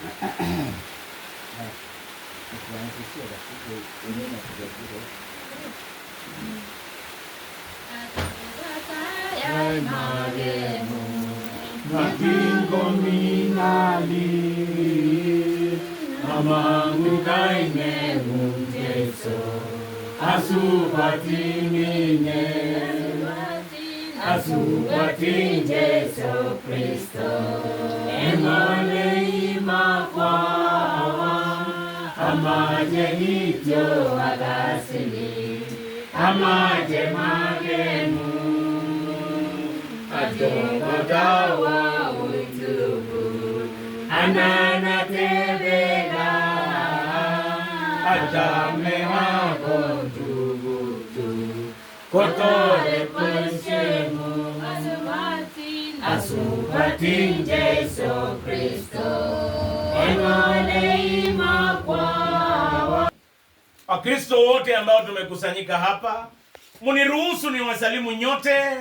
Ai, Maremo, Natin Gominali, Amangu Kaine Mungeso, Asupati Mine, Asupati Jesu Cristo, amaje ibyo agasini amaje magenu adogodawa utubu ajame atamehako tubutu kotole kweshemu asubatin Jesu Kristo enone iyo Wakristo wote ambao tumekusanyika hapa, mniruhusu ni wasalimu nyote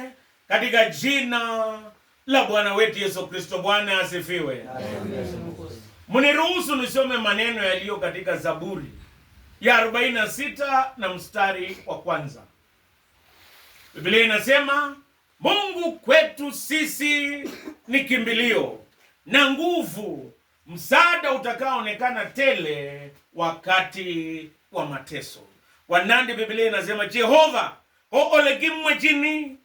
katika jina la Bwana wetu Yesu Kristo. Bwana asifiwe. Mniruhusu nisome maneno yaliyo katika Zaburi ya 46 na mstari wa kwanza. Biblia inasema Mungu kwetu sisi ni kimbilio na nguvu, msaada utakaoonekana tele wakati wa mateso. Wanande Biblia inasema Jehova hoolegimwe jini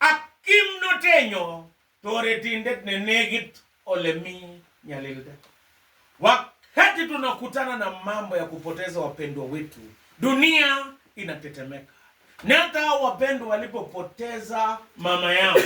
akimno tenyo ne negit olemi nyalilde. Wakati tunakutana na mambo ya kupoteza wapendwa wetu, dunia inatetemeka. Nata wapendwa walipopoteza mama yao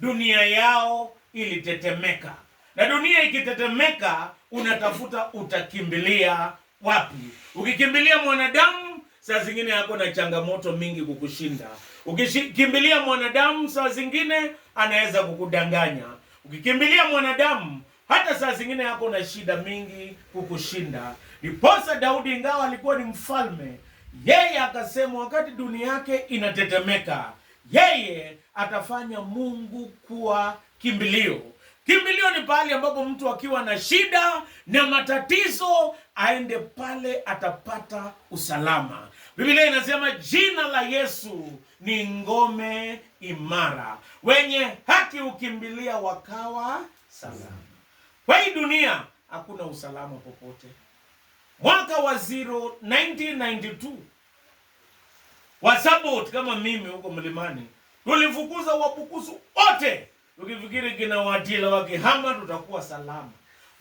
dunia yao ilitetemeka, na dunia ikitetemeka, unatafuta utakimbilia wapi. Ukikimbilia mwanadamu, saa zingine ako na changamoto mingi kukushinda. Ukikimbilia mwanadamu, saa zingine anaweza kukudanganya. Ukikimbilia mwanadamu, hata saa zingine ako na shida mingi kukushinda. niposa Daudi, ingawa alikuwa ni mfalme, yeye akasema wakati dunia yake inatetemeka, yeye atafanya Mungu kuwa kimbilio. Kimbilio ni pahali ambapo mtu akiwa na shida na matatizo aende pale, atapata usalama. Biblia inasema jina la Yesu ni ngome imara, wenye haki ukimbilia wakawa salama. Kwa hii dunia hakuna usalama popote. Mwaka wa 1992 wasabot kama mimi huko mlimani tulifukuza wapukusu wote Tukifikiri kina Watila wakihama tutakuwa salama.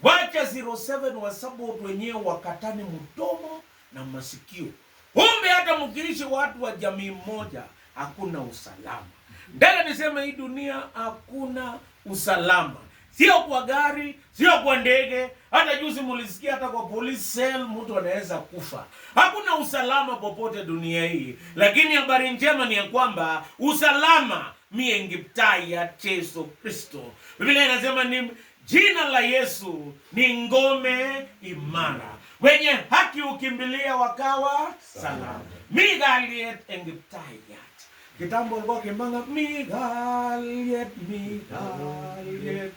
Wacha 07 wa support wenyewe wakatane mdomo na masikio. Kumbe hata mkilishi watu wa jamii moja hakuna usalama. Ndala nisema hii dunia hakuna usalama. Sio kwa gari, sio kwa ndege, hata juzi mulisikia hata kwa police cell mtu anaweza kufa. Hakuna usalama popote dunia hii. Lakini habari njema ni ya kwamba usalama mie ngiptai ya Yesu Kristo. Biblia inasema ni jina la Yesu ni ngome imara, wenye haki ukimbilia wakawa salama. migaliet engiptai yat kitambo walikuwa kimbanga migaliet migaliet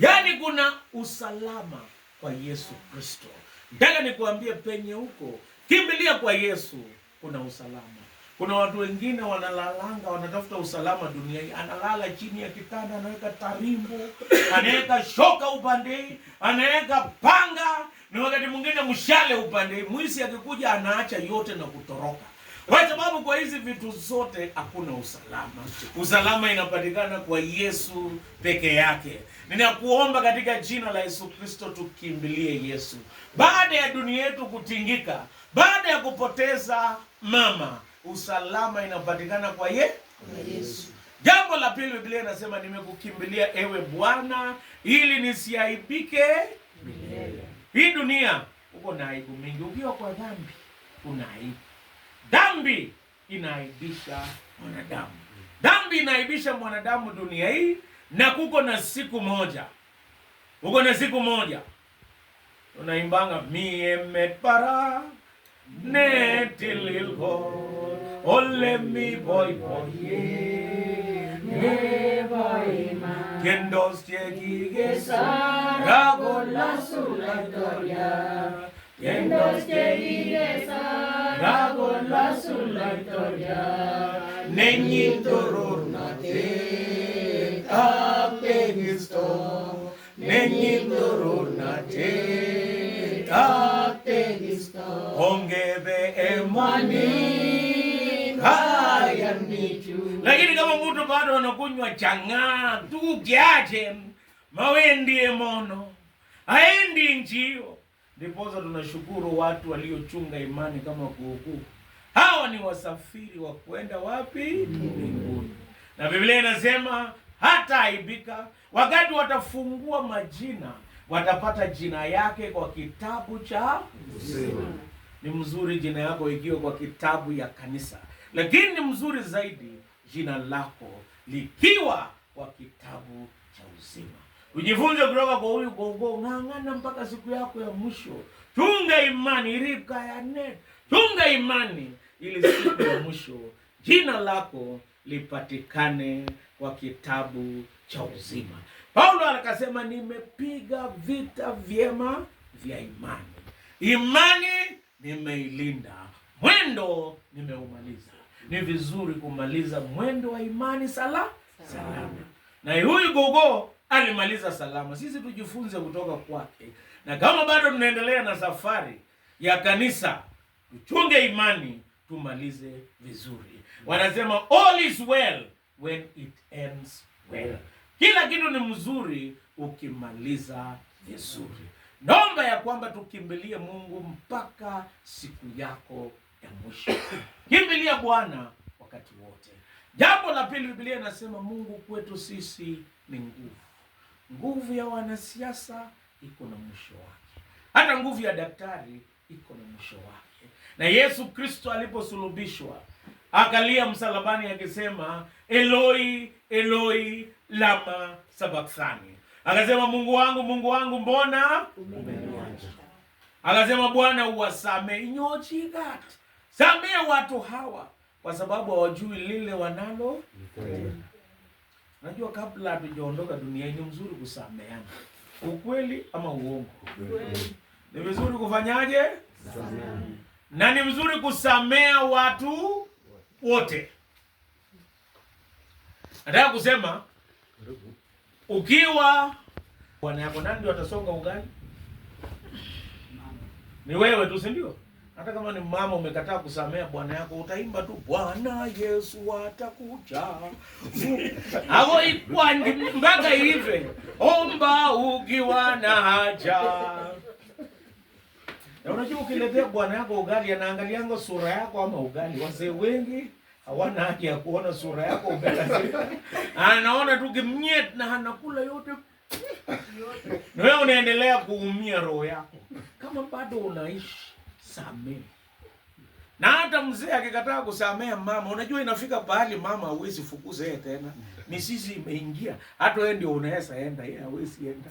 Yani, kuna usalama kwa Yesu Kristo. Nataka nikuambie penye huko Kimbilia kwa Yesu, kuna usalama. Kuna watu wengine wanalalanga, wanatafuta usalama hii, analala chini ya kitanda, anaweka tarimbo, anaweka shoka upande, anaweka panga na wakati mwingine mshale upande. Mwizi akikuja anaacha yote na kutoroka, kwa sababu kwa hizi vitu zote hakuna usalama. Usalama inapatikana kwa Yesu peke yake. Ninakuomba katika jina la Yesu Kristo tukimbilie Yesu baada ya dunia yetu kutingika. Baada ya kupoteza mama, usalama inapatikana kwa ye Yesu. Jambo la pili, Biblia inasema nimekukimbilia ewe Bwana ili nisiaibike milele. Hii dunia uko na aibu mingi, ukiwa kwa dhambi una aibu. Dhambi inaaibisha mwanadamu, dhambi inaaibisha mwanadamu dunia hii, na kuko na siku moja, uko na siku moja unaimbanga mie mepara Netil il gol, olle mi boy boye. Ne boy ma. Quien dos llegi gesa, rago la sula historia. Quien dos llegi gesa, rago la sula historia. Nenyin torur nate, tape gisto. Nenyin torur nate, tape Baptista. emwani Lakini kama mtu bado anakunywa chang'aa tu kiache mawendie mono aendi njio Ndiposa tunashukuru watu waliochunga imani kama kuukuu. Hawa ni wasafiri wa kwenda wapi? Mbinguni. Na Biblia inasema hata aibika wakati watafungua majina watapata jina yake kwa kitabu cha uzima. Ni mzuri jina yako ikiwa kwa kitabu ya kanisa, lakini ni mzuri zaidi jina lako likiwa kwa kitabu cha uzima. Ujifunze kutoka kwa huyu gogo, ng'ang'ana mpaka siku yako ya mwisho. Chunga imani rika ya net, chunga imani ili siku ya mwisho jina lako lipatikane kwa kitabu cha uzima. Paulo akasema nimepiga vita vyema vya imani, imani nimeilinda, mwendo nimeumaliza. Ni vizuri kumaliza mwendo wa imani sala salama, na huyu gogo alimaliza salama. Sisi tujifunze kutoka kwake, na kama bado tunaendelea na safari ya kanisa, tuchunge imani, tumalize vizuri. Wanasema all is well when it ends well. Kila kitu ni mzuri ukimaliza vizuri. Naomba ya kwamba tukimbilie Mungu mpaka siku yako ya mwisho. Kimbilia Bwana wakati wote. Jambo la pili, Biblia inasema Mungu kwetu sisi ni nguvu. Nguvu ya wanasiasa iko na mwisho wake, hata nguvu ya daktari iko na mwisho wake. Na Yesu Kristo aliposulubishwa akalia msalabani akisema, Eloi Eloi lama sabaksani. Akasema, Mungu wangu, Mungu wangu, mbona umeniacha? Akasema, Bwana uwasamee inyochigat, samee watu hawa kwa sababu hawajui lile wanalo. Najua kabla hatujaondoka duniani ni mzuri kusameana, ukweli ama uongo. Ni vizuri kufanyaje? Na ni mzuri kusamea watu wote. Nataka kusema ukiwa bwana yako nani ndio atasonga ugali? Ni wewe tu, si ndio? Hata kama ni mama umekataa kusamea bwana yako, utaimba tu Bwana Yesu atakuja. Hapo ipwa mpaka ive Omba ukiwa na haja. Na unajua ukiletea bwana yako ugali, anaangalianga sura yako ama ugali. Wazee wengi hawana haki ya kuona sura yako umelazimika. Anaona tu kimnyet na anakula yote na wewe unaendelea kuumia roho yako. Kama bado unaishi, samee Na hata mzee akikataa kusamea mama, unajua inafika pahali mama hawezi fukuza yeye tena, mm. mizizi imeingia. Hata wewe ndio unaweza enda, yeye hawezi enda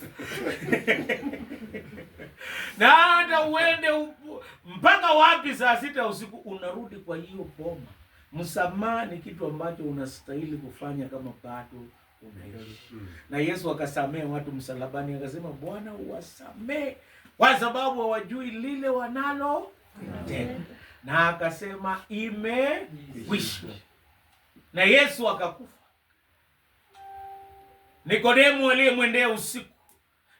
na hata uende mpaka wapi, saa sita usiku unarudi kwa hiyo boma. Msamaha ni kitu ambacho unastahili kufanya kama bado unaishi. Na Yesu akasamehe watu msalabani, akasema Bwana, uwasamehe kwa sababu hawajui lile wanalo tena. Na akasema imekwisha. Na Yesu akakufa. Nikodemu aliyemwendea usiku,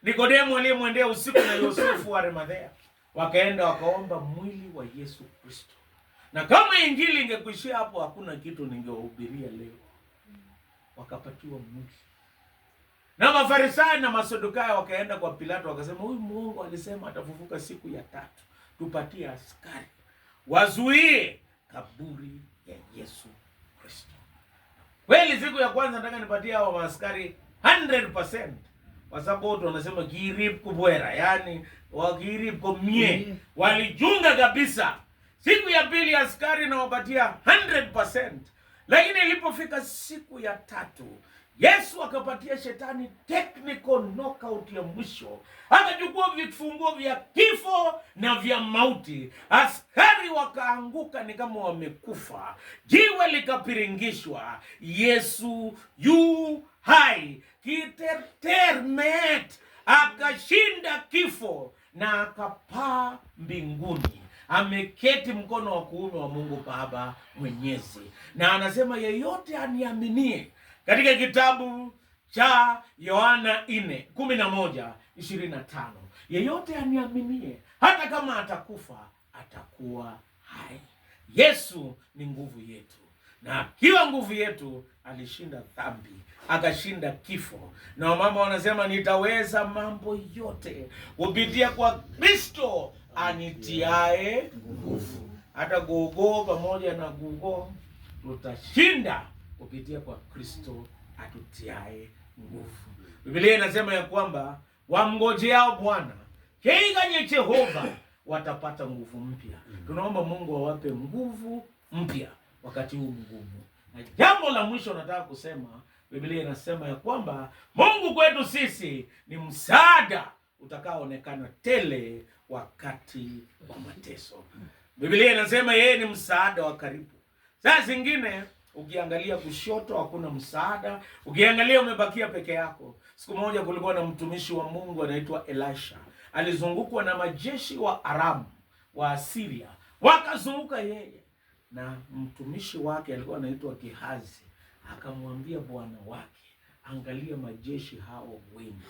Nikodemu aliyemwendea usiku na Yosefu wa Arimathea wakaenda wakaomba mwili wa Yesu Kristo na kama injili ingekuishia hapo, hakuna kitu ningewahubiria leo. Wakapatiwa mwisho. Na Mafarisayo na Masadukayo wakaenda kwa Pilato wakasema, huyu Mungu alisema atafufuka siku ya tatu, tupatie askari wazuie kaburi ya Yesu Kristo. Kweli siku ya kwanza nataka nipatie hao askari 100% kwa sababu wanasema kirip kubwera, yani wakirip komie, walijunga kabisa Siku ya pili askari nawapatia 100%, lakini ilipofika siku ya tatu Yesu akapatia shetani technical knockout ya mwisho, akachukua vifunguo vya kifo na vya mauti. Askari wakaanguka ni kama wamekufa, jiwe likapiringishwa. Yesu yu hai, kitetermet, akashinda kifo na akapaa mbinguni ameketi mkono wa kuume wa Mungu Baba Mwenyezi, na anasema yeyote aniaminie, katika kitabu cha Yohana 4 11 25, yeyote aniaminie hata kama atakufa atakuwa hai. Yesu ni nguvu yetu, na akiwa nguvu yetu alishinda dhambi akashinda kifo, na wamama wanasema nitaweza mambo yote kupitia kwa Kristo anitiae nguvu. Hata gogo pamoja na gogo tutashinda kupitia kwa Kristo atutiae nguvu. Biblia inasema ya kwamba wamngojeao Bwana keiganye Jehova watapata nguvu mpya. Tunaomba Mungu awape nguvu mpya wakati huu mgumu. Na jambo la mwisho nataka kusema, Biblia inasema ya kwamba Mungu kwetu sisi ni msaada utakaoonekana tele wakati wa mateso. Biblia inasema yeye ni msaada wa karibu. Saa zingine ukiangalia kushoto hakuna msaada, ukiangalia umebakia peke yako. Siku moja kulikuwa na mtumishi wa Mungu anaitwa Elisha, alizungukwa na majeshi wa Aramu wa Asiria, wakazunguka yeye na mtumishi wake alikuwa anaitwa Gehazi, akamwambia bwana wake, angalia majeshi hao wengi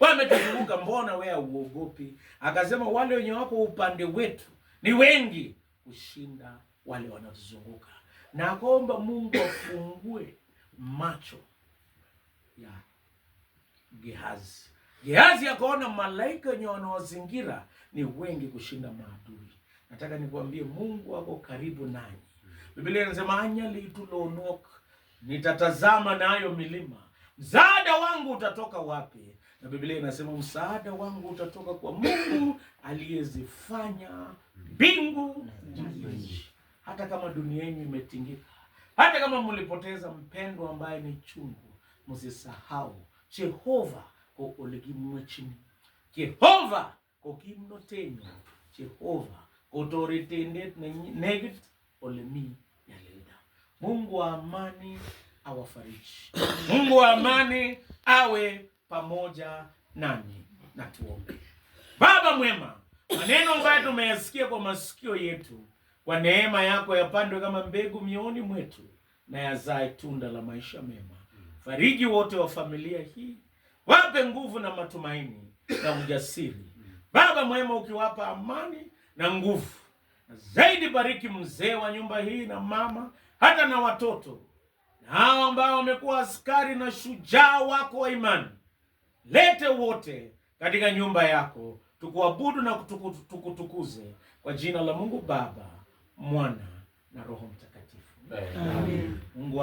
wametuzunguka, mbona wewe uogopi? Akasema wale wenye wako upande wetu ni wengi kushinda wale wanatuzunguka. na akaomba Mungu afungue macho ya Gehazi. Gehazi akaona malaika wenye wanaozingira ni wengi kushinda maadui. Nataka nikwambie Mungu ako karibu nanyi. Biblia inasema anyalitulonok, nitatazama nayo milima, msaada wangu utatoka wapi? na Biblia inasema msaada wangu utatoka kwa Mungu aliyezifanya mbingu na nchi. Hata kama dunia yenu imetingika, hata kama mlipoteza mpendwa ambaye ni chungu, msisahau Jehova ko chini Jehova ko kimnotenyu Jehova ko toretendet nenegit olemi nyalilda. Mungu wa amani awafariji. Mungu wa amani awe pamoja nanyi. Na tuombe. Baba mwema, maneno ambayo tumeyasikia kwa masikio yetu, kwa neema yako yapandwe kama mbegu mioni mwetu na yazae tunda la maisha mema. Fariji wote wa familia hii, wape nguvu na matumaini na ujasiri. Baba mwema, ukiwapa amani na nguvu zaidi, bariki mzee wa nyumba hii na mama, hata na watoto na hao ambao wamekuwa askari na shujaa wako wa imani lete wote katika nyumba yako tukuabudu na kutukutukuze kwa jina la Mungu Baba, Mwana na Roho Mtakatifu. Amen. Mungu